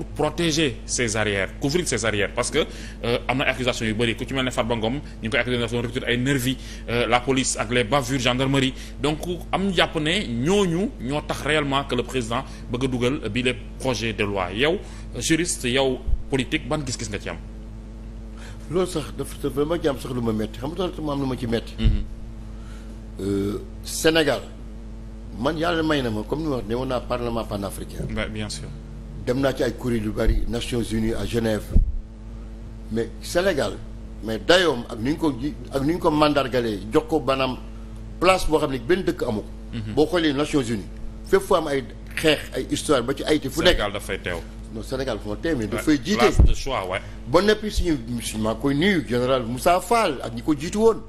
pour protéger ses arrières parce que am na accusation yu bëri ku ci mel ne Farba Ngom ñu ngi koy accusé dafa recruter ay nervi la police ak les bavures gendarmerie donc am jàpp ne ñooñu ñoo tax réellement que président bëgg dugal bii les projets de loi yow juriste yow politique ban gis-gis nga ci am. loolu sax dafa vraiment jàmm sax lu ma metti xam nga ma ma ci metti Sénégal man yàlla may na ma comme ni ma wax ne woon naa parlement panafricain. bien dem naa ci ay kuréel yu bari Nations Unies à Genève mais Sénégal mais dayoom ak ni ñu ko ji ak nu ñu ko mandargalee jox ko banaam place boo xam ne benn dëkk amu mhm. boo xoolee Nations Unies fépp fu am ay xeex ay histoire ba ci Haïti fu nekk Sénégal dafay teew. non Sénégal fu ma teew mais dafay jiite place de choix waay. ba neppi suñu maa koy nuyu général Moussa Fall ak ñi ko jiitu woon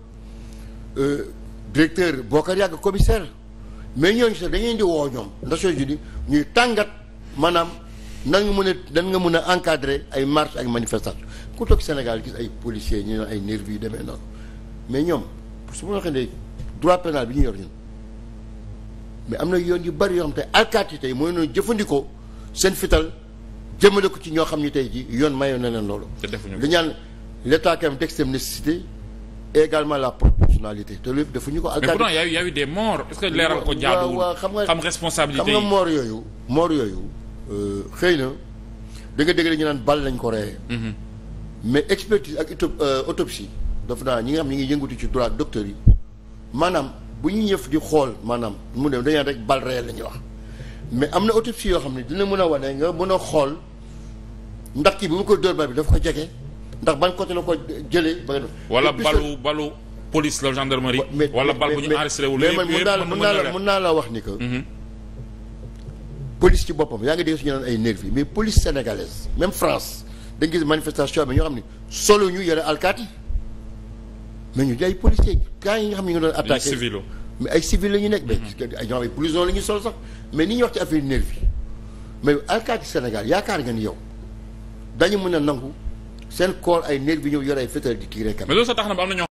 euh, directeur Bokar Yàgg commissaire mais ñooñu sax dañuy di woo ñoom Nations Unies ñuy tàngat maanaam. nan nga mën a nan nga mën a encadrer ay marche ak manifestation ku toog Sénégal gis ay policiers ñu ne ay nervis yu demee noonu mais ñoom su ma waxee ne droit pénal bi ñu yor ñun mais am na yoon yu bari yoo te alkaati yi tey mooy jëfandikoo seen fital jëmale ko ci ñoo xam ni tey ji yoon mayoon na leen loolu. li ñaan l'état quand même d'extrémicité et également la proportionnalité te lépp defuñu ko. alkaati mais pourtant y y a eu des morts. est-ce xam nga xam responsabilité yi xam nga moor yooyu moor yooyu. Euh, xëy na da nga dégg ñu naan bal lañ ko reyee. Mhm. mais expertise ak euh, autopsie dafa naa ñi nga xam ñi ngi yëngatu ci droit docteur yi maanaam bu ñu ñëf di xool maanaam mu dem dañaan rek bal réel la ñuy wax mais am na autopsie yoo xam ne dina mën a wane nga a xool ndax kii bi ko dóor bal ko jege ndax la ko jëlee ba nga la gendarmerie wala bal bu ñu arrêté wu mais man mën naa la mën naa la wax ni que mhm. police ci boppam yaa ngi dégg suñu naan ay nervi mais police sénégalaise même France da gis manifestation bi ñoo xam ne solo ñu yore alkaati mais ñu di ay policiers cas yi nga xam ne ñu ngi doon attaqué mais ay civil la ñu nekk. Mhm. ñoo xam ne la sol sax mais ni ñu wax ci affaire nervi mais alkaati Sénégal yaakaar nga ni yow dañu mën a nangu seen koor ay nervi ñëw yore ay fetal di tirer. mais am